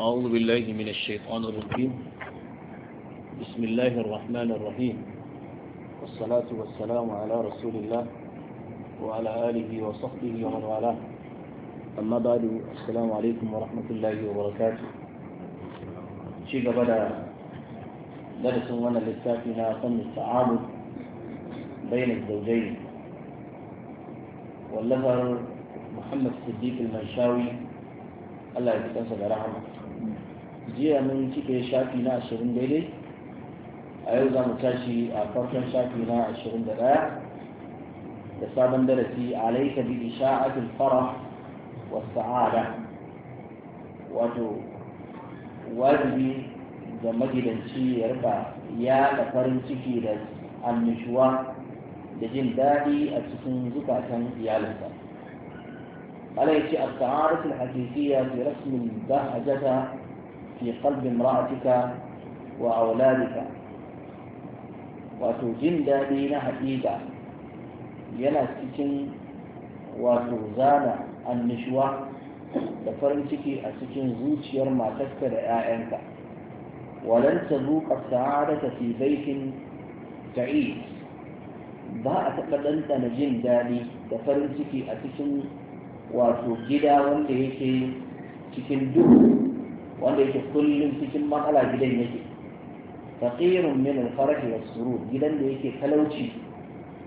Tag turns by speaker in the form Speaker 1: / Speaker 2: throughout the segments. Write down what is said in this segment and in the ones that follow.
Speaker 1: أعوذ بالله من الشيطان الرجيم بسم الله الرحمن الرحيم والصلاة والسلام على رسول الله وعلى آله وصحبه ومن والاه أما بعد السلام عليكم ورحمة الله وبركاته شيء بدأ درس وانا للساكنة فن التعامل بين الزوجين واللفر محمد الصديق المنشاوي الله يتكسر رحمه jiya mun cike shafi na ashirin daidai a yau za mu tashi a farkon shafi na ashirin da ɗaya da sabon darasi a bi isha'atul farah wa sa'ada wato wajibi ga magidanci ya rika yaɗa farin ciki da annishuwa da jin daɗi a cikin zukatan iyalinsa عليه السعارة الحديثية برسم بهجة في قلب امرأتك وأولادك wato jin daɗi na haƙiƙa yana cikin wato zana annishuwa da farin ciki a cikin zuciyar matarka da 'ya'yanka walanta zuƙa zuƙa ta fi baikin ta'i ba a taɓa ɗanɗana jin daɗi da farin ciki a cikin wato gida wanda yake cikin duhu wanda yake kullum cikin matsala gidan yake faqirun min al-farah wa surur gidan da yake talauci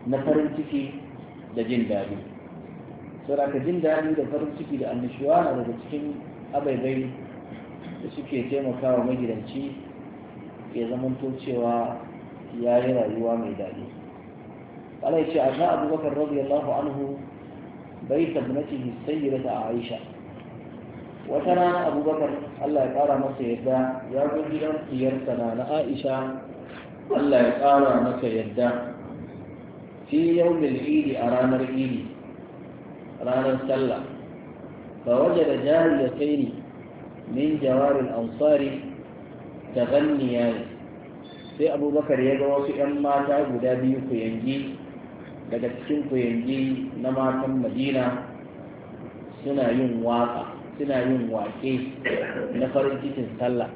Speaker 1: na farin ciki da jin daɗi ka jin daɗi da farin ciki da annashuwa na daga cikin abaibai da suke taimakawa magidanci ya zamanto cewa ya yi rayuwa mai daɗi ala ya ce a sha abubakar radiyallahu anhu bai tabnatihi sayyidata aisha wata rana abubakar allah ya kara masa yadda ya zo gidan iyarsa na na aisha allah ya kara masa yadda fi yawmin idi a ranar idi ranar sallah ba waje da jari ya kai ni min jawarin ansari ta ganniya sai abubakar ya ga wasu 'yan mata guda biyu ku yangi daga cikin ku yangi na matan madina suna yin waka suna yin waƙe na farin cikin sallah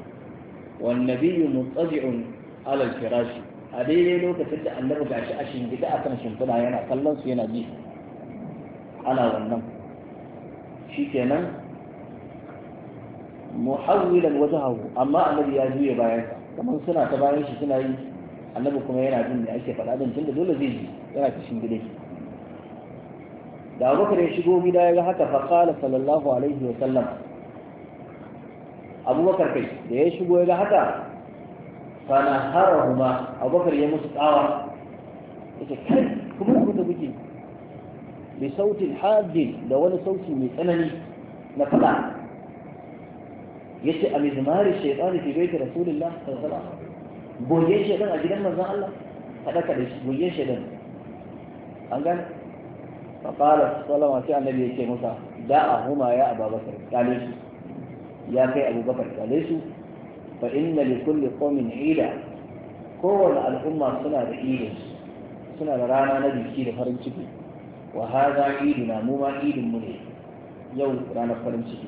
Speaker 1: wan nabiyyu muttazi'un alal firashi a daidai lokacin da annabi gashi a shingida akan shimfiɗa yana kallon su yana ji ana wannan shikenan muhawwilan wajhahu amma annabi ya juya bayan kamar suna ta bayan shi suna yi annabi kuma yana jin da ake faɗa din tunda dole zai ji yana ta shingide shi da abubakar ya shigo gida ya ga haka faƙala sallallahu alaihi wa sallam abubakar kai da ya shigo ya ga haka fana Huma, abubakar ya musu tsawa yake kai kuma ku da kuke bi sautin haddin da wani sauti mai tsanani na faɗa Ya ce a mizmari shaytan fi baiti rasulullah sallallahu alaihi wasallam boye shaytan a gidan manzon Allah kada kaɗai shi boye shaytan an gane faƙalar salama sai annabi ya ce musa da a huma ya ababakar kyale su ya kai abubakar kyale su fa inna li kulli qawmin ida kowane al'umma suna da idin suna da rana na biki da farin ciki wa hadha iduna mu ma idin mu ne yau ranar farin ciki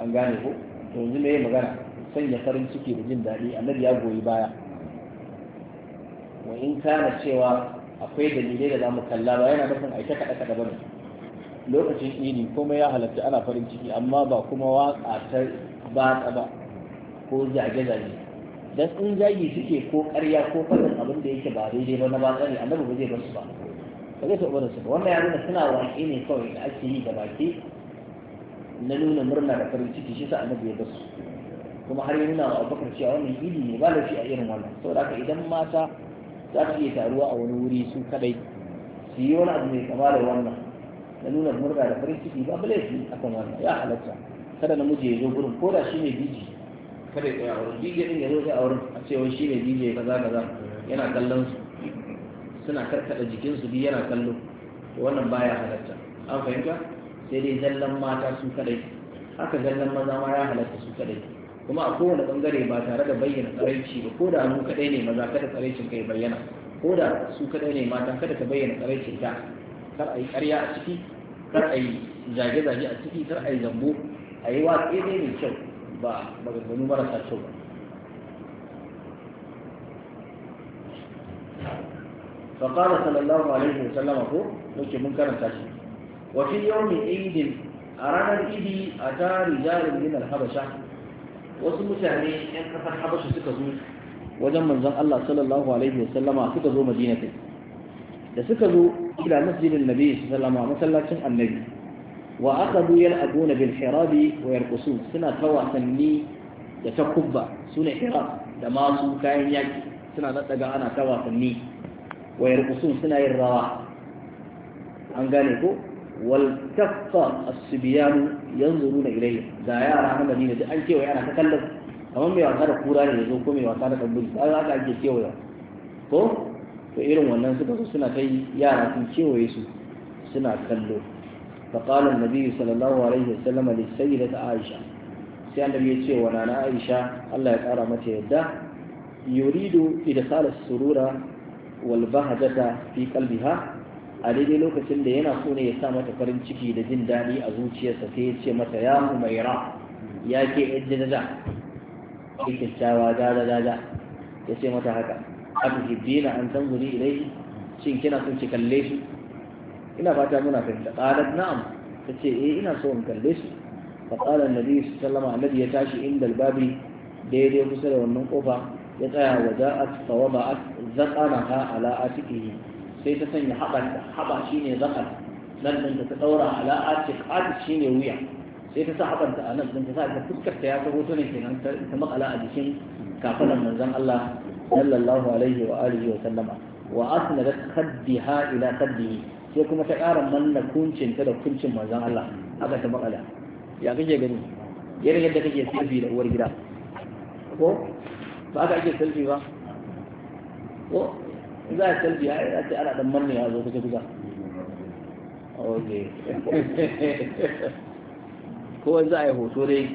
Speaker 1: an gane ko to yanzu me magana sanya farin ciki da jin daɗi annabi ya goyi baya wa in kana cewa akwai dalilai da zamu kalla ba yana nufin aike kaɗa kaɗa ba lokacin idi komai ya halatta ana farin ciki amma ba kuma waƙa ta batsa ba ko zage-zage dan in zagi suke ko ƙarya ko faɗin abin da yake ba daidai ba na ba ne annabi ba zai bar su ba ba zai taɓa su ba wannan ya nuna suna waƙe ne kawai da ake yi da baki na nuna murna da farin ciki shi sa annabi ya bar su kuma har ya nuna wa abubakar cewa wannan idi ne ba lafiya a irin wannan saboda haka idan mata za su iya taruwa a wani wuri su kadai su yi wani abu mai kama da wannan na nuna murna da farin ciki ba laifi akan wannan ya halatta kada namiji ya zo gurin ko da shi ne biji kada ya tsaya a wurin biji din ya zo a wurin a cewa shi ne biji kaza kaza yana kallon su suna karkada jikin su biyu yana kallo to wannan baya halatta an fahimta sai dai zallan mata su kadai haka zallan maza ma ya halatta su kadai kuma a kowane bangare ba tare da bayyana tsaraici ba ko da mu kadai ne maza kada tsaraicin kai bayyana ko da su kadai ne mata kada ka bayyana tsaraicin ta kar a yi karya a ciki kar a yi zage-zage a ciki kar a yi zambo a yi watsi ne mai kyau ba maganganu marasa kyau ba فقال صلى الله عليه وسلم هو لكي منكر تاشي وفي يوم عيد أرانا الإيدي أتى رجال من الحبشة wasu mutane yan kasar habasha suka zo wajen manzon Allah sallallahu alaihi wasallama suka zo madina kai da suka zo ila masjidin nabi sallallahu alaihi masallacin annabi wa aqadu yal'abuna bil hirabi wa yarqusun suna tawasanni da ta kubba suna hirab da masu kayan yaki suna daddaga ana tawasanni wa yarqusun suna yin rawa an gane ko والتقى الصبيان ينظرون إليه دا يا رحمة مدينة أن كيوي أنا تكلم kamar mai wasa da kura ne zo ko mai wasa da kamburi ba za ka ake kewaya ko to irin wannan suka zo suna kai yara sun kewaye su suna kallo fa qala annabi sallallahu alaihi wasallam li sayyidati aisha sai annabi ya ce wa nana aisha Allah ya kara mata yadda yuridu idkhal as-surura wal bahjata fi qalbiha a daidai lokacin da yana so ne ya sa mata farin ciki da jin daɗi a zuciyarsa sai ya ce mata ya ra ya ke yan cikin kyakkyawa gada gada ya ce mata haka a na an san tanzuri ilai shin kina son ki kalle shi ina fata muna fahimta qalat na'am ta ce eh ina so in kalle shi fa qala annabi sallallahu alaihi wasallam ya tashi inda albabi daidai kusa da wannan kofa ya tsaya wa za'at fa wada'at zaqanaha ala atiqihi sai ta sanya haɓanta haɓa shi ne zakar nan ɗin ta ɗaura ala atik atik shi ne wuya sai ta sa haɓanta a nan ɗin ta sa ta fuskar ta ya ta hoto ne kenan ta maƙala a jikin kafaɗan manzon Allah sallallahu alaihi wa alihi wa sallama wa asna da kaddiha ila kaddihi sai kuma ta ƙara manna kuncin ta da kuncin manzon Allah aka ta makala ya kake gani irin yadda kake selfie da uwar gida ko ba ka ake selfie ba ko za a selfie ai za ce ana dan manne ya zo kusa kusa ko wani za a yi hoto dai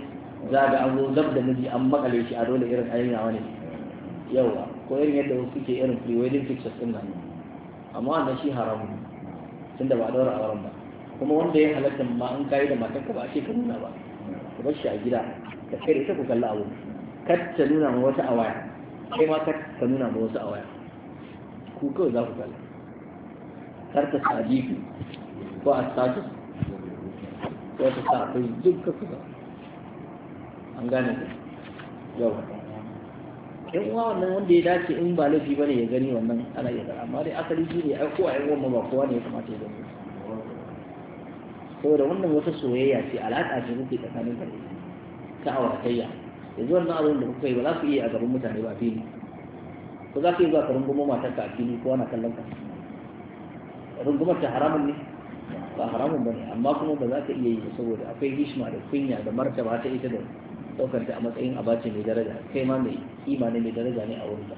Speaker 1: za ga an zo zab da miji an makale shi a dole irin ayyana wani yawa ko irin yadda wasu ke irin pre-wedding pictures din nan amma wannan shi haramun da ba a daura auren ba kuma wanda ya halatta ma an kayi da ka ba a ce ka nuna ba ka bar shi a gida ka kai da ita ku kalla abu kar ta nuna ma wata a waya kai ma kar ka nuna ma wasu a waya ku kawai za ku kalla kar ka sa ko a status ko ta sa akwai duk ka kusa an gane ku yau in wa wannan wanda ya dace in ba laifi bane ya gani wannan ana iya gara amma dai asali shi ne ai ko ai wannan ba kowa ne ya kamata ya gani saboda wannan wata soyayya ce alaƙa ce kuke tsakanin ka ta auratayya yanzu wannan abin da kuka yi ba za ku iya a gaban mutane ba fili ko za ka yi za ka rungumo matar ka a fili ko ana kallon ka rungumar ta haramun ne ba haramun ba ne amma kuma ba za ka iya yi saboda akwai hishma da kunya da martaba ta ita da ɗaukar ta a matsayin abace mai daraja kai ma mai kima ne mai daraja ne a wurin ka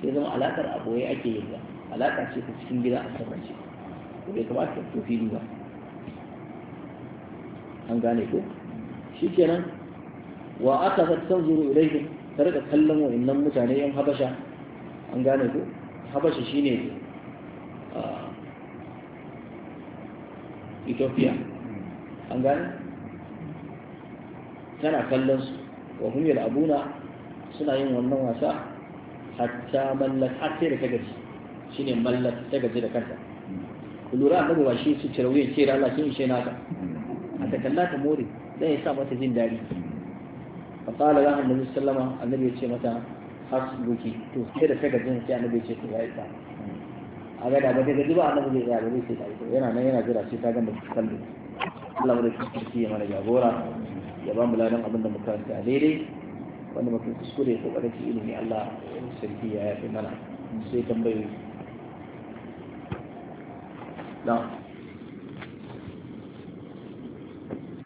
Speaker 1: sai zama alakar a ake yin ta alaka ce ta cikin gida a ko bai kamata ta fili ba an gane ko kenan wa aka zata zuru ilaihim ta rika kallon wa'annan mutane yan habasha an gane ku habasha a ethiopia an gane tana kallon su wa hum yal'abuna suna yin wannan wasa hatta mallaka har sai da ta gaji ne mallaka ta gaji da kanta ku lura an dabuwa shi su cirawuye ce da Allah kin ishe naka ta kalla ta more zai sa mata jin daɗi fa qala ya annabi sallama annabi ya ce mata hasbuki to sai da saka jin sai annabi ce to yayi ta a ga da ba daga jiba annabi zai ya ba sai ta yana nan yana jira sai ta ganda kallo Allah wanda shi kirki ya mana jagora ya ba mu ladan abin da muka karanta daidai wanda muka kuskure ko kada ki ilimi Allah sarki ya yafi mana sai tambayoyi